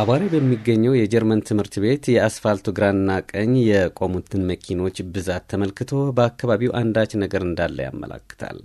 አዋሪ በሚገኘው የጀርመን ትምህርት ቤት የአስፋልቱ ግራና ቀኝ የቆሙትን መኪኖች ብዛት ተመልክቶ በአካባቢው አንዳች ነገር እንዳለ ያመላክታል።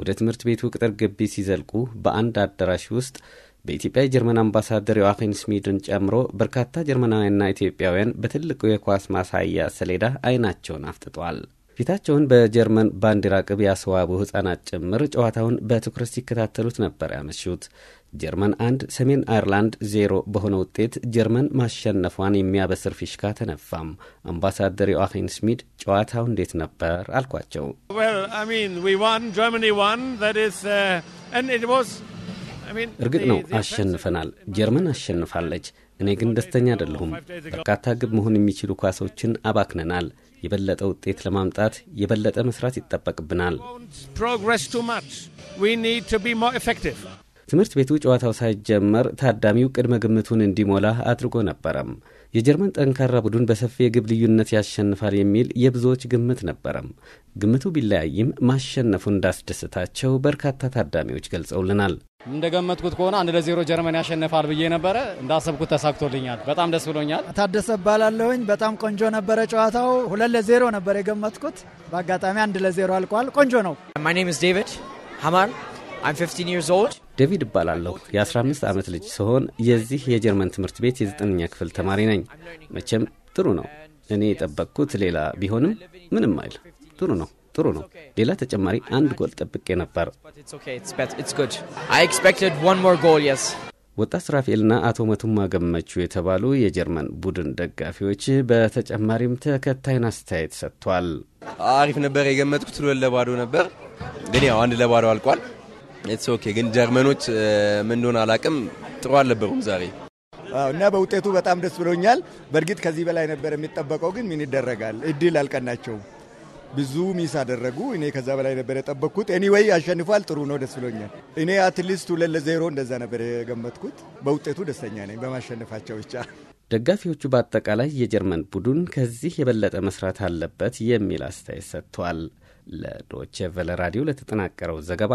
ወደ ትምህርት ቤቱ ቅጥር ግቢ ሲዘልቁ በአንድ አዳራሽ ውስጥ በኢትዮጵያ የጀርመን አምባሳደር ዮአኪን ስሚድን ጨምሮ በርካታ ጀርመናውያንና ኢትዮጵያውያን በትልቁ የኳስ ማሳያ ሰሌዳ አይናቸውን አፍጥጧል። ፊታቸውን በጀርመን ባንዲራ ቅብ ያስዋቡ ሕፃናት ጭምር ጨዋታውን በትኩረት ሲከታተሉት ነበር ያመሹት። ጀርመን አንድ ሰሜን አይርላንድ ዜሮ በሆነ ውጤት ጀርመን ማሸነፏን የሚያበስር ፊሽካ ተነፋም። አምባሳደር ዮአኪን ስሚድ ጨዋታው እንዴት ነበር አልኳቸው። እርግጥ ነው አሸንፈናል፣ ጀርመን አሸንፋለች። እኔ ግን ደስተኛ አይደለሁም። በርካታ ግብ መሆን የሚችሉ ኳሶችን አባክነናል። የበለጠ ውጤት ለማምጣት የበለጠ መስራት ይጠበቅብናል። ትምህርት ቤቱ ጨዋታው ሳይጀመር ታዳሚው ቅድመ ግምቱን እንዲሞላ አድርጎ ነበረም። የጀርመን ጠንካራ ቡድን በሰፊ የግብ ልዩነት ያሸንፋል የሚል የብዙዎች ግምት ነበረም። ግምቱ ቢለያይም ማሸነፉ እንዳስደሰታቸው በርካታ ታዳሚዎች ገልጸውልናል። እንደገመትኩት ከሆነ አንድ ለዜሮ ጀርመን ያሸንፋል ብዬ ነበረ። እንዳሰብኩት ተሳክቶልኛል። በጣም ደስ ብሎኛል። ታደሰ እባላለሁኝ። በጣም ቆንጆ ነበረ ጨዋታው። ሁለት ለዜሮ ነበር የገመትኩት። በአጋጣሚ አንድ ለዜሮ አልቋል። ቆንጆ ነው። ማይ ኔም ኢዝ ዴቪድ ሀማር ዴቪድ እባላለሁ። የ15 ዓመት ልጅ ሲሆን የዚህ የጀርመን ትምህርት ቤት የዘጠነኛ ክፍል ተማሪ ነኝ። መቼም ጥሩ ነው። እኔ የጠበቅኩት ሌላ ቢሆንም ምንም አይል። ጥሩ ነው፣ ጥሩ ነው። ሌላ ተጨማሪ አንድ ጎል ጠብቄ ነበር። ወጣት ራፌልና አቶ መቱማ ገመቹ የተባሉ የጀርመን ቡድን ደጋፊዎች በተጨማሪም ተከታይን አስተያየት ሰጥቷል። አሪፍ ነበር የገመጥኩት። ሁለት ለባዶ ነበር፣ ግን ያው አንድ ለባዶ አልቋል። ኢትስ ኦኬ። ግን ጀርመኖች ምን እንደሆነ አላቅም፣ ጥሩ አልነበሩም ዛሬ እና በውጤቱ በጣም ደስ ብሎኛል። በእርግጥ ከዚህ በላይ ነበር የሚጠበቀው፣ ግን ምን ይደረጋል፣ እድል አልቀናቸው ብዙ ሚስ አደረጉ። እኔ ከዛ በላይ ነበር የጠበቅኩት። ኤኒዌይ አሸንፏል። ጥሩ ነው፣ ደስ ብሎኛል። እኔ አትሊስት ሁለት ለዜሮ እንደዛ ነበር የገመትኩት። በውጤቱ ደስተኛ ነኝ በማሸነፋቸው ብቻ። ደጋፊዎቹ በአጠቃላይ የጀርመን ቡድን ከዚህ የበለጠ መስራት አለበት የሚል አስተያየት ሰጥቷል። ለዶቼ ቨለ ራዲዮ ለተጠናቀረው ዘገባ